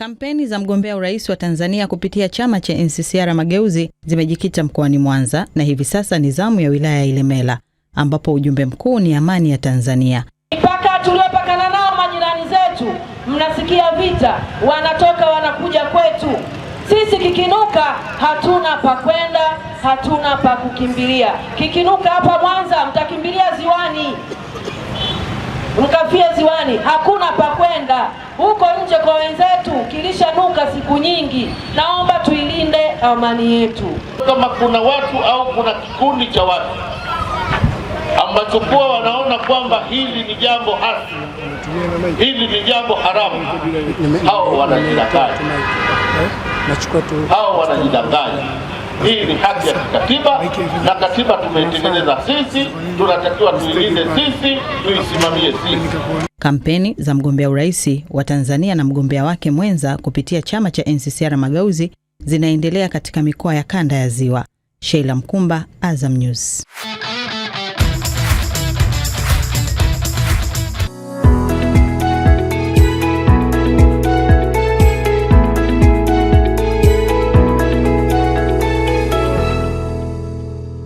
Kampeni za mgombea urais wa Tanzania kupitia chama cha NCCR Mageuzi zimejikita mkoani Mwanza na hivi sasa ni zamu ya wilaya ya Ilemela ambapo ujumbe mkuu ni amani ya Tanzania. Mpaka tuliopakana nao majirani zetu, mnasikia vita, wanatoka wanakuja kwetu. Sisi kikinuka, hatuna pa kwenda, hatuna pa kukimbilia. Kikinuka hapa Mwanza mkafia ziwani, hakuna pa kwenda huko nje kwa wenzetu, kilisha nuka siku nyingi. Naomba tuilinde amani yetu. Kama kuna watu au kuna kikundi cha watu ambacho kuwa wanaona kwamba hili ni jambo hasi, hili ni jambo haramu, hao wanajidanganya, hao wanajidanganya. Hii ni haki ya kikatiba, na katiba tumeitengeneza sisi, tunatakiwa tuilinde sisi, tuisimamie sisi. Kampeni za mgombea urais wa Tanzania na mgombea wake mwenza kupitia chama cha NCCR Mageuzi zinaendelea katika mikoa ya kanda ya Ziwa. Sheila Mkumba, Azam News.